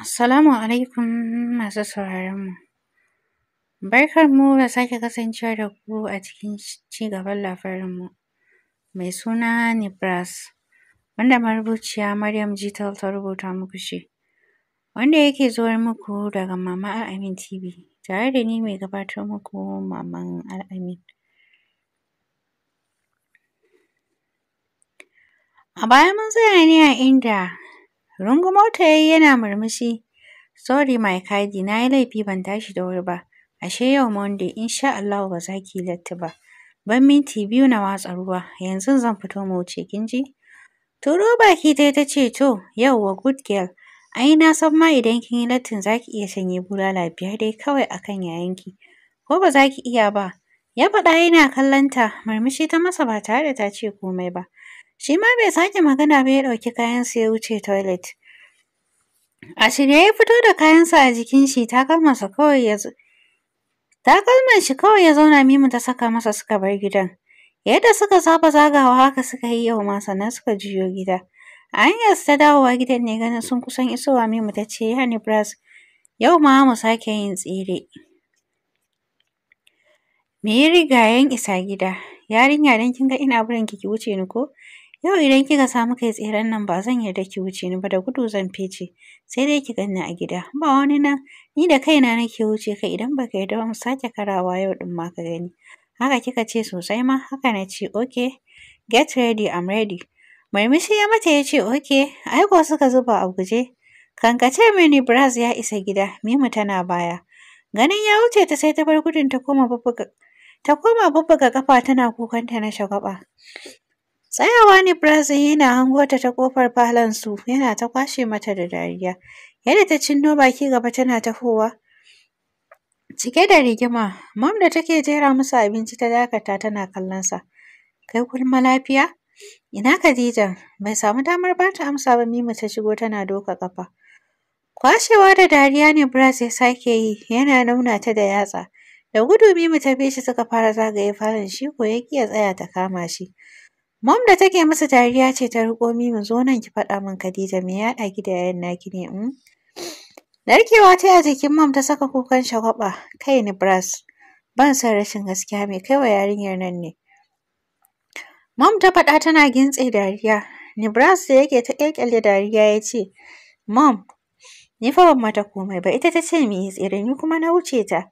Assalamu alaikum masu mu. sauraronmu. mu da sake kasancewa da ku a cikin ci gaban labarinmu mai suna Nibras, wanda marubuciya Maryam Jital ta rubuta muku shi, wanda yake zuwar muku daga Mama Al'amin TV, tare da ni mai gabatar muku Maman Al'amin. A baya mun tsaya ne a inda Rungumo ya yi yana murmushi. Sorry my kadi. na yi laifi ban tashi da wuri ba. Ashe yau Monday, insha Allahu ba za ki latti ba. Ban minti biyu na watsa ruwa, yanzu zan fito mu wuce kin ji? Turo baki dai ta ce to, yauwa good girl. Ai na san ma idan kin yi lattin za ki iya shanye bulala biyar dai kawai a kan yayanki. Ko ba za ki iya ba? Ya faɗa yana kallon ta, murmushi ta masa ba tare da ta ce komai ba. Shi ma bai sake magana ba ya ɗauki kayansa ya wuce toilet. A shirya, ya fito da kayansa a jikin shi takalmansa kawai ya takalman shi kawai ya zauna Mimu ta saka masa suka bar gidan. Yadda suka saba zagawa haka suka yi yau ma sannan suka juyo gida. A hanyar ta dawowa gidan ne ganin sun kusan isowa Mimu ta ce yani Bras yau ma mu sake yin tsere. Me ya riga isa gida? Yarinya dan kin ga ina barin ki ki wuce ni ko? Yau idan kika samu kai tseren nan ba zan yarda ki wuce ni ba da gudu zan fice. Sai dai ki ganni a gida. Ba wani nan ni da kaina nake wuce ka idan baka yarda ba mu sake karawa yau din ma ka gani. Haka kika ce sosai ma haka na ce okay. Get ready I'm ready. Marmishi ya mata ya ce okay. Aiko suka zuba a guje. Kankace mini Braz ya isa gida. Mimu tana baya. Ganin ya wuce ta sai ta bar gudun ta koma babba ta koma kafa tana kukanta na shagaba. Tsayawa ne Brazil yana hango ta ta ƙofar falon su yana ta kwashe mata da dariya. Yadda ta cinno baki gaba tana tafowa. Cike da rigima, mam da take jera musu abinci ta dakata tana kallon sa. Kai kulma lafiya? Ina Khadija? Bai samu damar ba ta amsa ba mu ta shigo tana doka kafa. Kwashewa da dariya ne Braz ya sake yi yana nuna ta da yatsa. Da gudu mu ta bi shi suka fara zagaye falon shi ko ya kiya ya tsaya ta kama shi. Mam, da take musu dariya ce ta riƙo Mimi zo nan ki faɗa min Khadija me ya haɗa ki da yayan naki ne in? Mm? Narkewa ta a jikin Mam ta saka kukan shagwaɓa kai ni bras ban san rashin gaskiya mai kai wa yarinyar nan ne. Mom ta faɗa tana gintse dariya Nibras da yake ta ƙyalƙyale dariya ya ce mom ni fa ban mata komai ba ita ta ce mu yi tsere ni kuma na wuce ta.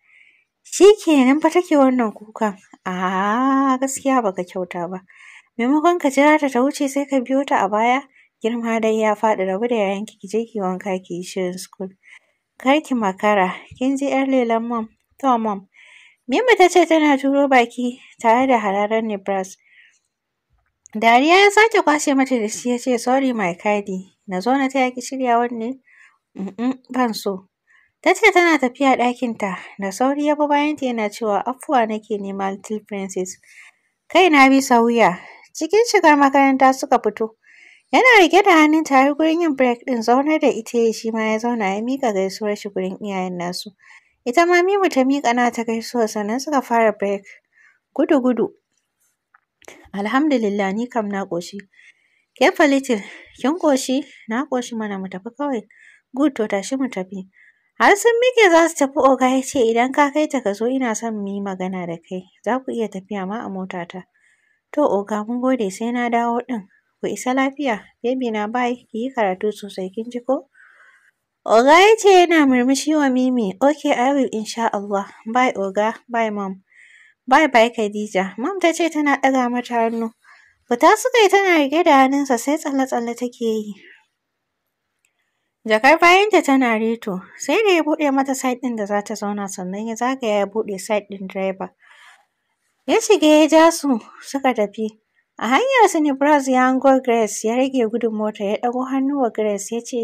Shi kenan fa take wannan kukan a'a gaskiya baka kyauta ba. Maimakon ka jira ta ta wuce sai ka biyo ta a baya. Girma dai ya faɗi rabu da yayanki ki je ki wanka ki yi shirin school. Kar ki makara kin ji ‘yar lelen mom. To mom. Mimi ta ce tana turo baki tare da hararar nebras Dariya ya sake kwashe mata da shi ya ce sorry my kadi na zo na taya ki shirya wanne? Mm ban so. Ta ce tana tafiya ɗakinta, da sauri ya bi bayanta yana cewa afuwa nake nema little princess. Kai na bisa wuya, Cikin shigar makaranta suka fito. Yana rike da hannun tare gurin yin break din zaunar da ita ya shi ma ya zauna ya miƙa gaisuwar shi gurin iyayen nasu. Ita ma Mimu ta miƙa na ta gaisuwa sannan suka fara break. Gudu-gudu. Alhamdulillah ni kam na ƙoshi. Kefa Little, kin ƙoshi? Na ƙoshi mana mu tafi kawai. Good to tashi mu tafi. Har sun miƙe za su tafi oga ya ce idan ka kai ta ka zo ina son mu yi magana da kai. Za ku iya tafiya ma a motata. To oga mun gode sai na dawo ɗin. Ku isa lafiya. Baby na bye. Ki yi karatu sosai kin ji ko? Oga ya ce yana murmushi wa Mimi. 'Ok, I will insha Allah. Bye oga. Bye mom. Bye bye Khadija. Mom ta ce tana ɗaga mata hannu. Fita suka yi tana rike da hannunsa sai tsalle-tsalle take yi. Jakar bayanta tana reto, sai da ya buɗe mata side ɗin da za ta zauna sannan ya zagaya ya buɗe side ɗin direba. Ya shiga ya ja su suka tafi. A hanyar su Nibras ya hango Grace ya rage gudun mota ya hannu wa Grace ya ce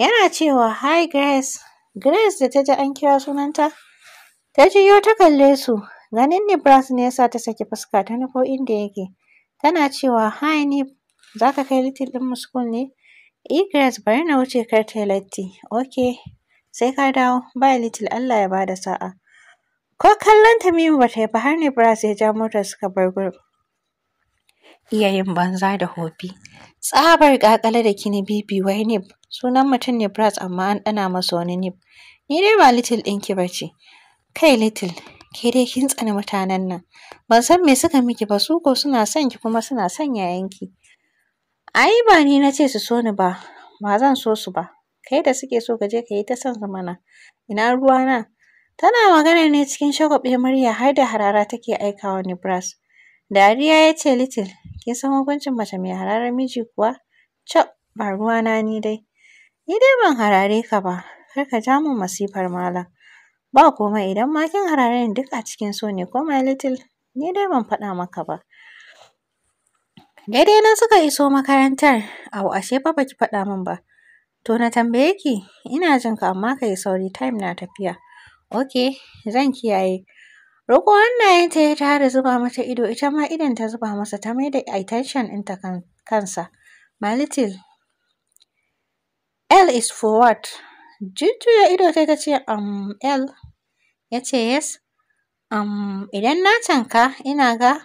yana cewa hi Grace. Grace da ta ji an kira sunanta ta juyo ta kalle su. Ganin Bros ne ya sa ta saki fuska ta nufo inda yake. Tana cewa hi ne za ka kai little ɗin school ne? E Grace bari na wuce kar ta yi latti. Ok sai ka dawo bye little Allah ya bada sa'a. Ko kallon Tamimu ba ta yi ba har ne Bras ya ja motar suka bar gurin. Iya banza da hobi. Tsabar ƙaƙala da kini bibi wai nib. Sunan mutum ne Bras amma an ɗana masa wani nib. Ni dai ba little dinki ba ce. Kai little, ke dai kin tsani mutanen nan. Ban san me suka miki ba su ko suna son ki kuma suna son yayanki. Ai ba ni na ce su so ni ba, ba zan so su ba. Kai da suke so ka je ka yi ta son su mana. Ina na? Tana magana ne cikin shagwaɓe murya har da harara take aikawa bras Dariya ya ce Little, kin san hukuncin mace mai hararar miji kuwa? Cab, ba ruwana ni dai. Ni dai ban harare ka ba, kar ka ja min masifar malam. Ba komai idan ma kin harare ni duk a cikin so ne ko my little, ni dai ban faɗa maka ba. Daidai nan suka iso makarantar, au ashe fa baki faɗa min ba. To na tambaye ki, ina jin ka amma ka yi sauri time na tafiya. Ok, zan kiyaye. Roƙo wannan ya tare zuba mata ido, ita ma idan ta zuba masa ta maida attention ɗinta kan kansa. My little L is for what? Jujjuya ido ta ta ce um L. Ya ce yes. Um, idan na canka ina ga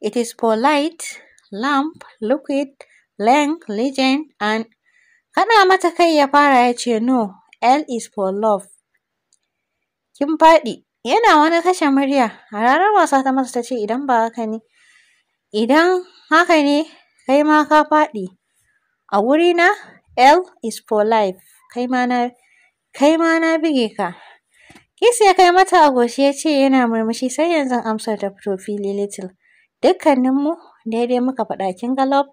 it is for light, lamp, liquid, length, legend and Kana mata kai ya fara ya ce no, L is for love. kin faɗi yana wani kashe murya A ranar wasa ta masa ta ce idan ba haka ne idan haka ne kai ma ka faɗi a wuri na, L is for life kai ma na kai bige ka Kisi ya kai mata a goshi ya ce yana murmushi sai yanzu amsar ta fito fili little dukkaninmu daidai muka faɗa kin ga love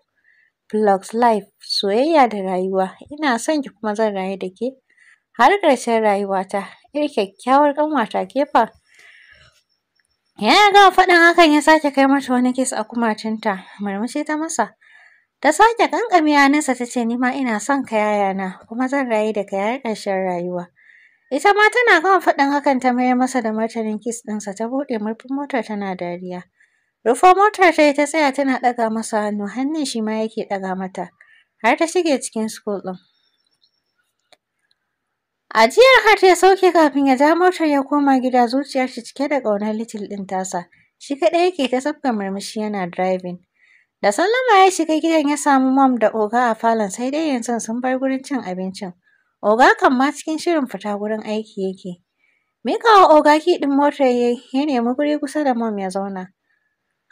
life soyayya da rayuwa ina son ki kuma zan rayu da ke har ƙarshen rayuwata kai kyakkyawar ƙanwata kefa. Yana gama faɗin hakan ya sake kai mata wani kis a kumacinta murmushi ta masa. Ta sake ƙanƙame hannunsa ta ce ni ma ina son ka na, kuma zan rayu da ka yayar ƙarshen rayuwa. Ita ma tana gama faɗin hakan ta mayar masa da martanin kis ɗinsa ta buɗe murfin motar tana dariya. Rufo motar ta yi ta tsaya tana ɗaga masa hannu hannun shi ma yake ɗaga mata har ta shige cikin school ɗin. A Ajiyar har ya sauke kafin ya ja motar ya koma gida zuciyar shi cike da ƙaunar Little ɗin tasa. Shi kaɗai yake ta sabga murmushi yana driving. Da sallama ya shiga gidan ya samu mom da oga a falon sai dai yanzu sun bar gurin cin abincin. Oga kan ma cikin shirin fita gurin aiki yake. Mikawa oga ki ɗin motar ya ya nemi guri kusa da mom ya zauna.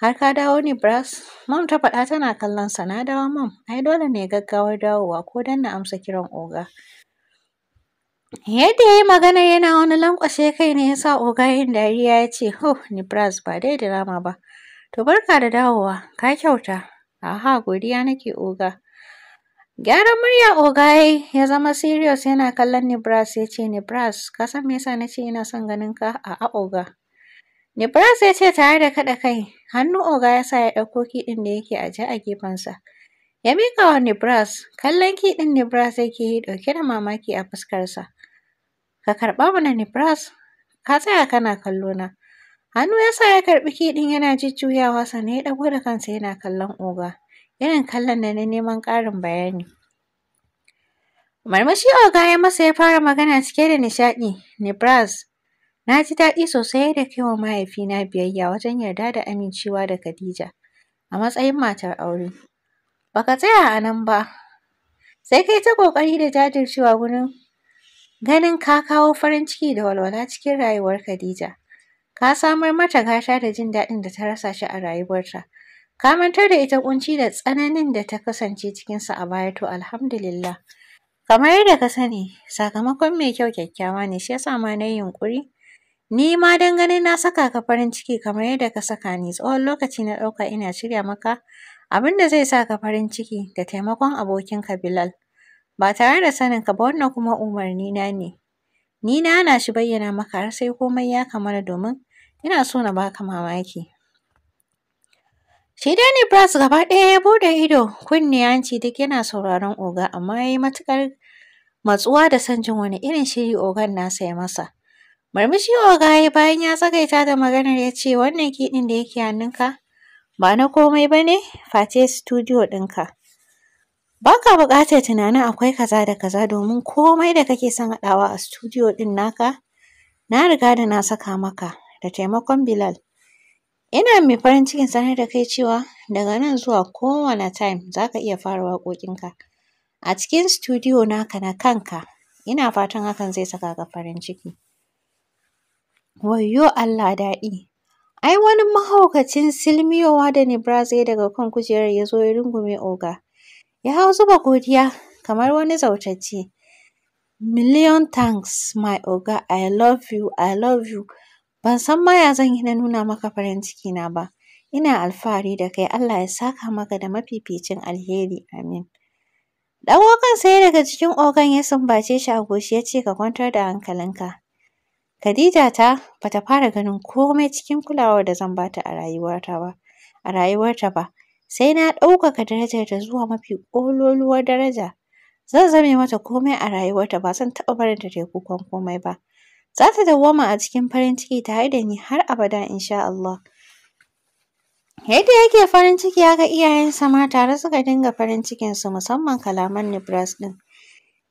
Har ka dawo ni, Brass? Mom ta faɗa tana kallon sa. Na dawo mom. Ai dole ne gaggawar dawowa ko dan na amsa kiran oga. Yadda ya yi magana yana wani lankwashe kai ne ya sa oga yin dariya ya ce, Ho, Nibras ba dai da rama ba. To barka da dawowa, ka kyauta. Aha, godiya nake oga. Gyaran murya oga ya zama Sirius yana kallon Nibras ya ce, Nibras, ka san me yasa na ina son ganin ka? A'a oga. Nibras ya ce tare da kaɗa kai, hannu oga ya sa ya ɗauko kiɗin da yake aje a gefensa. Ya miƙa wa bras kallon kiɗin bras yake yi ɗauke da mamaki a fuskarsa. ka karɓa mana nebras ka tsaya kana kallo na hannu ya sa ya karɓi kiɗin yana jujjuyawa sannan ya ɗago da kansa yana kallon oga irin kallon da na neman ƙarin bayani marmashi oga ya masa ya fara magana cike da nishaɗi nebras na ji daɗi sosai da kai wa mahaifina biyayya wajen yarda da amincewa da khadija a matsayin matar aure baka tsaya a nan ba sai kai ta ƙoƙari da jajircewa wurin Ganin ka kawo farin ciki da walwala cikin rayuwar Khadija. Ka samar mata gata da jin daɗin da ta rasa shi a rayuwarta. Ka mantar da ita kunci da tsananin da ta kasance cikin sa a baya to alhamdulillah. Kamar yadda ka sani, sakamakon mai kyau kyakkyawa ne, shi yasa ma na yi yunƙuri. Ni ma don ganin na saka ka farin ciki kamar yadda ka saka ni, tsawon lokaci na ɗauka ina shirya maka abin da zai sa ka farin ciki da taimakon abokinka Bilal. ba tare da saninka ba wannan kuma umarni na ne. Ni na ana shi bayyana maka har sai komai ya kammala domin ina so na baka mamaki. Shi dai bras gaba ɗaya ya buɗe ido, kunne hanci duk yana sauraron oga amma ya yi matuƙar matsuwa da son jin wani irin shiri ogan nasa ya masa. Murmushi oga ya bayan ya tsagaita da maganar ya ce wannan kiɗin da yake hannunka ba na komai ba ne face studio ɗinka. ba ka buƙatar tunanin akwai kaza da kaza domin komai da kake son haɗawa a studio ɗin naka na riga da na saka maka da taimakon Bilal. Ina mai farin cikin sanar da kai cewa daga nan zuwa kowane time za ka iya fara waƙoƙinka a cikin studio naka na kanka. Ina fatan hakan zai saka ka farin ciki. Wayyo Allah daɗi! Ai wani mahaukacin silmiyowa da Nibras daga kan kujerar ya zo ya rungume Oga. Ya hau zuba godiya kamar wani zautacce. Million thanks my oga, I love you, I love you. Ban san ma ya zan yi na nuna maka farin ciki na ba. Ina alfahari da kai Allah ya saka maka da mafificin alheri amin. Ɗago kan sai daga cikin ogan ya sumbace shi a goshi ya ce ka kwantar da hankalinka. Khadija ta bata fara ganin komai cikin kulawar da zan bata a rayuwarta ba. A rayuwarta ba. sai na ɗaukaka da zuwa mafi ƙololuwar daraja. Zan zame mata komai a rayuwarta ba zan taɓa barinta ta yi kukan komai ba. Za ta dawwama a cikin farin ciki tare da ni har abada insha Allah. Yadda yake farin ciki haka iyayen ma tare suka dinga farin cikinsu musamman kalaman Nibras ɗin.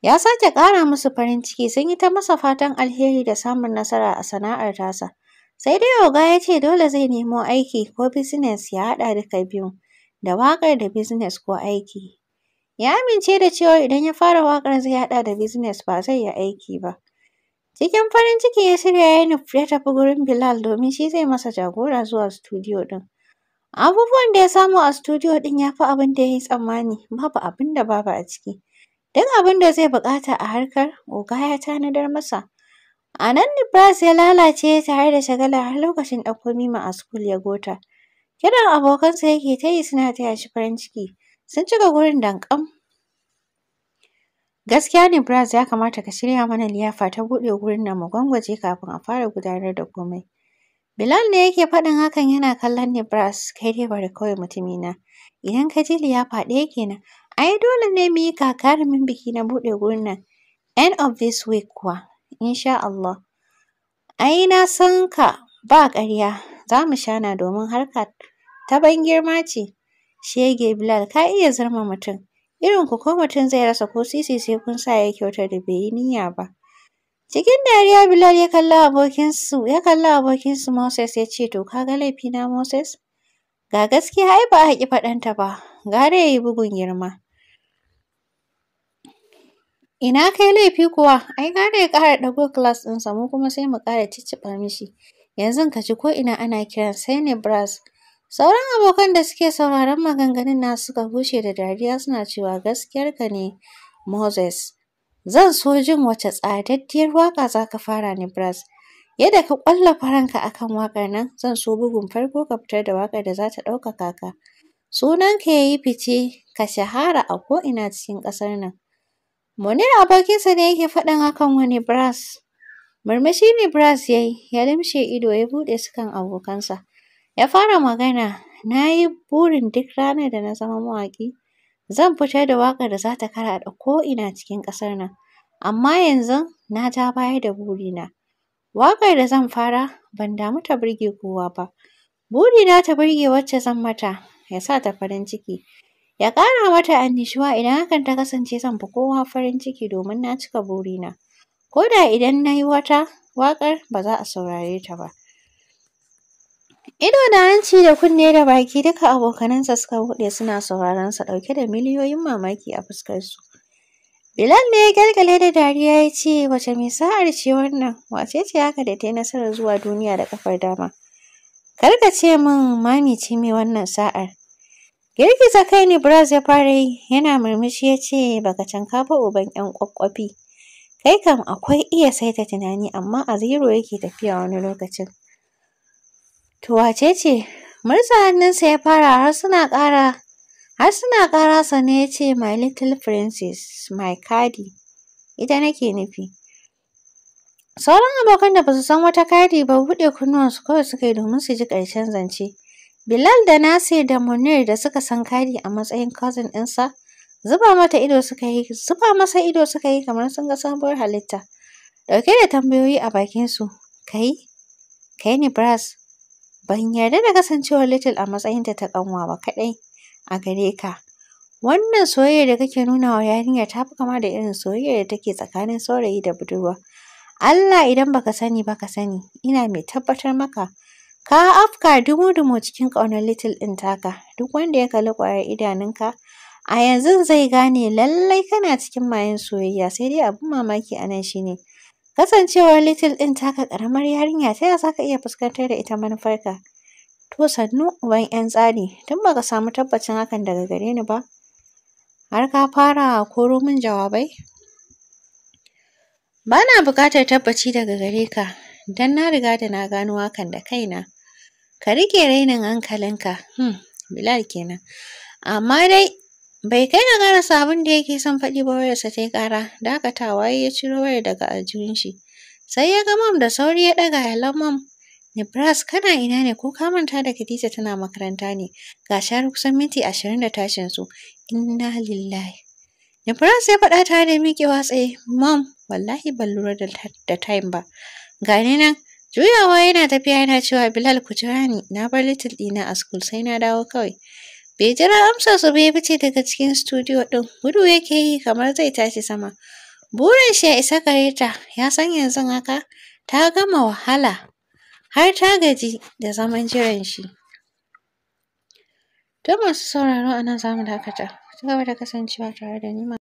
Ya sake ƙara musu farin ciki sun yi ta masa fatan alheri da samun nasara a sana'ar tasa. Sai dai oga ya ce dole zai nemo aiki ko bisines ya haɗa duka biyun. da waƙar da bizines ko aiki. Ya amince da cewa idan ya fara waƙar zai haɗa da bizines ba zai yi aiki ba. Cikin farin ciki ya shirya ya nufi ya tafi gurin Bilal domin shi zai masa jagora zuwa studio ɗin. Abubuwan da ya samu a studio ɗin ya fi abin da ya yi tsammani, babu abin da babu a ciki. Duk abin da zai buƙata a harkar, oga ya tanadar masa. A nan Nibras ya lalace tare da shagala har lokacin ɗauko Mima a school ya gota. Kiran abokansa yake ta yi suna taya shi farin ciki. Sun cika gurin danƙam. Gaskiya ne Braz ya kamata ka shirya mana liyafa ta buɗe gurin nan mu gwangwaje kafin a fara gudanar da komai. Bilal ne yake faɗin hakan yana kallon Nebras, kai dai bari kawai mutumina. Idan ka ji liyafa ɗaya kenan, ai dole ne mu yi kakarimin biki na buɗe gurin nan. End of this week kuwa, insha Allah. Ai na san ka ba ƙarya, za mu shana domin harka ta ban girma ce. Shege Bilal ka iya zama mutum. Irin ku ko mutum zai rasa ko sisi sai kun sa ya kyautar da bai yi niyya ba. Cikin dariya Bilal ya kalla abokinsu ya kalla abokinsu Moses ya ce to kaga laifi na Moses? Ga gaskiya ai ba a haƙi faɗanta ba, gara yayi bugun girma. Ina kai laifi kuwa, ai gara ya ƙara ɗago class ɗinsa mu kuma sai mu ƙara cicciɓa mishi. Yanzu ka ji ko ina ana kiran sai ne brass. Sauran abokan da suke sauraron maganganun na suka bushe da dariya suna cewa gaskiyar ka ne Moses. Zan so jin wace tsadaddiyar waka za ka fara ne Bras. Yadda ka faranka a kan wakar nan zan so bugun farko ka fitar da wakar da za ta ɗaukaka ka. Sunanka ya yi fice ka shahara a ko'ina cikin ƙasar nan. Munir abokinsa ne yake faɗan hakan wani Bras. Murmushi ne Bras ya yi, ya limshe ido ya buɗe sukan abokansa. Ya fara magana, "Na yi burin duk ranar da na zama mawaƙi, zan fitar da waƙar da za ta karaɗe ko'ina cikin ƙasar nan. Amma yanzu na ja baya da burina. Waƙar da zan fara ban damu ta burge kowa ba. Burina ta burge wacce zan mata, ya sa ta farin ciki, ya ƙara mata annishuwa idan hakan ta kasance zan fi kowa farin ciki domin na cika burina. Ko da idan na yi wata waƙar ba za a saurare ta ba. Ido da hanci da kunne da baki duka abokanansa suka buɗe suna sauraron sa ɗauke da miliyoyin mamaki a fuskarsu. Bilal ne ya galgale da dariya ya ce wace mai sa'ar ce wannan wace ce haka da ta yi nasarar zuwa duniya da kafar dama. Kar ka ce min mami ce mai wannan sa'ar. Girgiza kai ne Bras ya fara yi yana murmushi ya ce baka canka ba uban 'yan kwakwafi Kai kam akwai iya saita tunani amma a zero yake tafiya wani lokacin. To wace ce? Murza hannunsa ya fara har suna ƙara har suna ƙara ne ya ce my little princess my idan ita nake nufi. Sauran abokan da ba su san wata kadi ba buɗe kunnuwansu kawai suka yi domin su ji ƙarshen zance. Bilal da Nasir da Munir da suka san kadi a matsayin cousin ɗinsa zuba mata ido suka yi zuba masa ido suka yi kamar sun ga sabuwar halitta. Ɗauke da tambayoyi a bakinsu, kai, kai ne Bras, Ban yarda da kasancewar Little a matsayinta ta ƙanwa ba kaɗai a gare ka. Wannan soyayyar da kake nuna wa yarinyar ta fi kama da irin soyayyar da take tsakanin saurayi da budurwa. Allah idan baka sani ba ka sani, ina mai tabbatar maka. Ka afka dumu-dumu cikin ƙaunar Little ɗin taka, duk wanda ya kalli ƙwayar idanunka a yanzu zai gane lallai kana cikin mayen soyayya sai dai abin mamaki a nan shi ne Kasancewar Little ɗin taka ƙaramar yarinya ta yaya za ka iya fuskantar da ita manufarka? To sannu uban 'yan tsari, tun ba ka samu tabbacin hakan daga gare ni ba, har ka fara koro min jawabai? Ba na buƙatar tabbaci daga gare ka, don na riga da na gano hakan da kaina. Ka rike rainin hankalinka, hmm, Bilal kenan. Amma dai Bai kai ga karasa abin da yake son faɗi ba wayarsa ta yi ƙara, dakatawa ya ciro wayar daga aljihun shi. Sai ya ga mam da sauri ya ɗaga yalon mam. Nebras kana ina ne ko ka manta da Khadija tana makaranta ne? Ga shar kusan minti ashirin da tashin su. Inna lillahi. Nebras ya faɗa tare da miƙewa tsaye. Mam wallahi ban lura da time ba. Ga ni nan juyawa yana tafiya yana cewa Bilal ku jira ni na bar little ɗina a school sai na dawo kawai. Bai jira amsa su ba ya fice daga cikin studio ɗin, gudu yake yi kamar zai tashi sama. Burin shi ya isa gare ta, ya san yanzu haka ta gama wahala, har ta gaji da zaman jiran shi. Don masu sauraro a nan zamu dakata, gaba da kasancewa tare da ni.